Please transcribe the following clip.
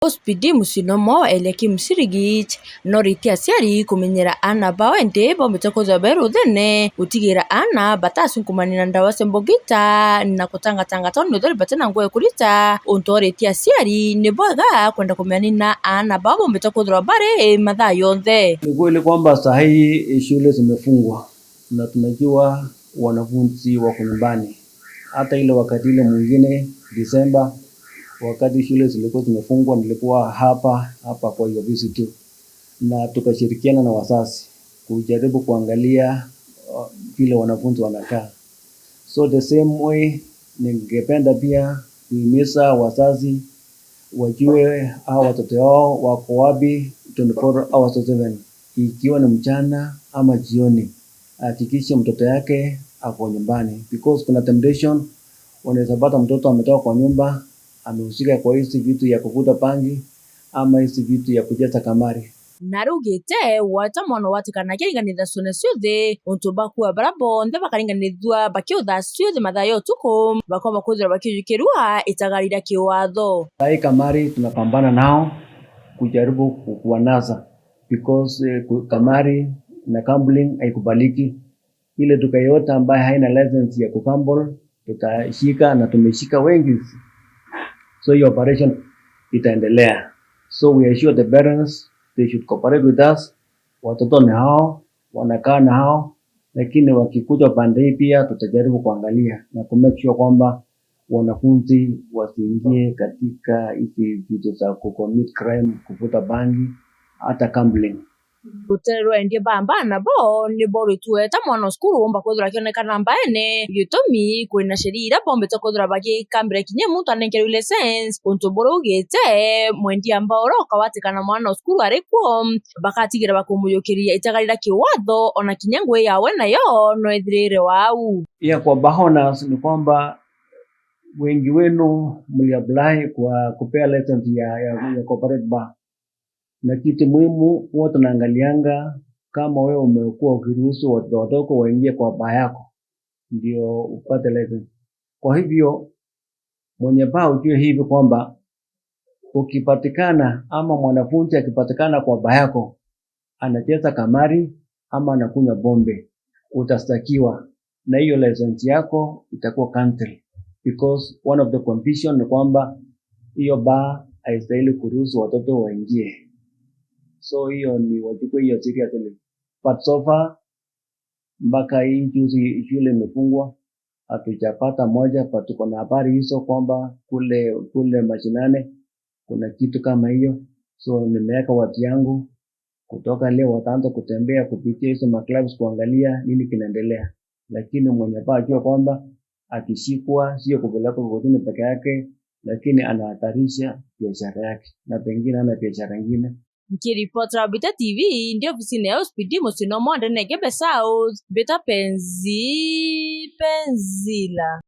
Ospidi mo eleki musirigich aciari kumenyera aana bao enti bomithokozo beeruthene gutigira aana batasunkumanina ndawa sembogita na kutangatanga toni nothori batena nguo ekulita untu orithiasiari ni bwega kwenda kumeanina aana bao bomitokothorwa bari mathaa yonthe. Ni kweli kwamba sahii eh, shule zimefungwa na tunajua wanafunzi wako nyumbani, hata ile wakati ile mwingine Disemba wakati shule zilikuwa zimefungwa, nilikuwa hapa hapa kwa hiyo ofisi tu, na tukashirikiana na wazazi kujaribu kuangalia uh, vile uh, wanafunzi wanakaa. So the same way, ningependa pia kuhimiza wazazi wajue au watoto wao wako wapi 24 hours 7 ikiwa ni mchana ama jioni, hakikishe mtoto yake ako nyumbani, because kuna temptation, unaweza pata mtoto ametoka kwa nyumba amehusika kwa hizi vitu ya kuvuta bangi ama hizi vitu ya kujaza kamari na rugite watamwano watikanakiringanirira ciana ciothe untu bakua baria bonthe bakaringanirithua bakiuthaa ciothe mathaa ya utuku bakorwo makwithira bakiujukirua itagarira kiwatho sai kamari tunapambana nao kujaribu kuwanasa because uh, kamari na gambling haikubaliki ile duka yote ambayo haina license ya kugamble tutashika na tumeshika wengi So your operation itaendelea. So we assure the parents they should cooperate with us. Watoto ni hao, wanakaa na hao, lakini wakikuja pande hii pia tutajaribu kuangalia na ku make sure kwamba wanafunzi wasiingie katika hizi vitu za ku commit crime, kuvuta bangi, hata gambling. Mm-hmm. endie bambana bo niboritweta mwana cukuru umba kwithira kionekana mbaene gitumi kwina sheria iria bombite kwithira bagikambira kinya muntu anenkerwe license untu buri ugite mwendia mbao uroka kana mwana cukuru arikwo bakatigira bakumuyukiria itagarira kiwatho ona kinya ngui yawe nayo noethirire wau ya kwa hona ni kwamba wengi wenu mliapply kwa kupea ya, ya, ya corporate bank na kitu muhimu huwa tunaangalianga kama wewe umekuwa ukiruhusu watoto wadogo waingie kwa baba yako ndio upate leseni. Kwa hivyo mwenye baa ujue hivi kwamba ukipatikana ama mwanafunzi akipatikana kwa baba yako anacheza kamari ama anakunywa bombe, utastakiwa na hiyo license yako itakuwa country, because one of the condition ni kwamba hiyo baa haistahili kuruhusu watoto waingie so hiyo ni wachukue hiyo seriously but so far mpaka hii juzi shule imefungwa hatujapata moja but tuko na habari hizo kwamba kule kule mashinane kuna kitu kama hiyo so nimeweka watu yangu kutoka leo wataanza kutembea kupitia hizo maclubs kuangalia nini kinaendelea lakini mwenye paa ajua kwamba akishikwa sio kupelekwa kotini peke yake lakini anahatarisha biashara yake na pengine ana biashara ingine Nikiripotia Bita TV ndio ofisini ya Speedy Musino Mwande Nengebe South penzi penzila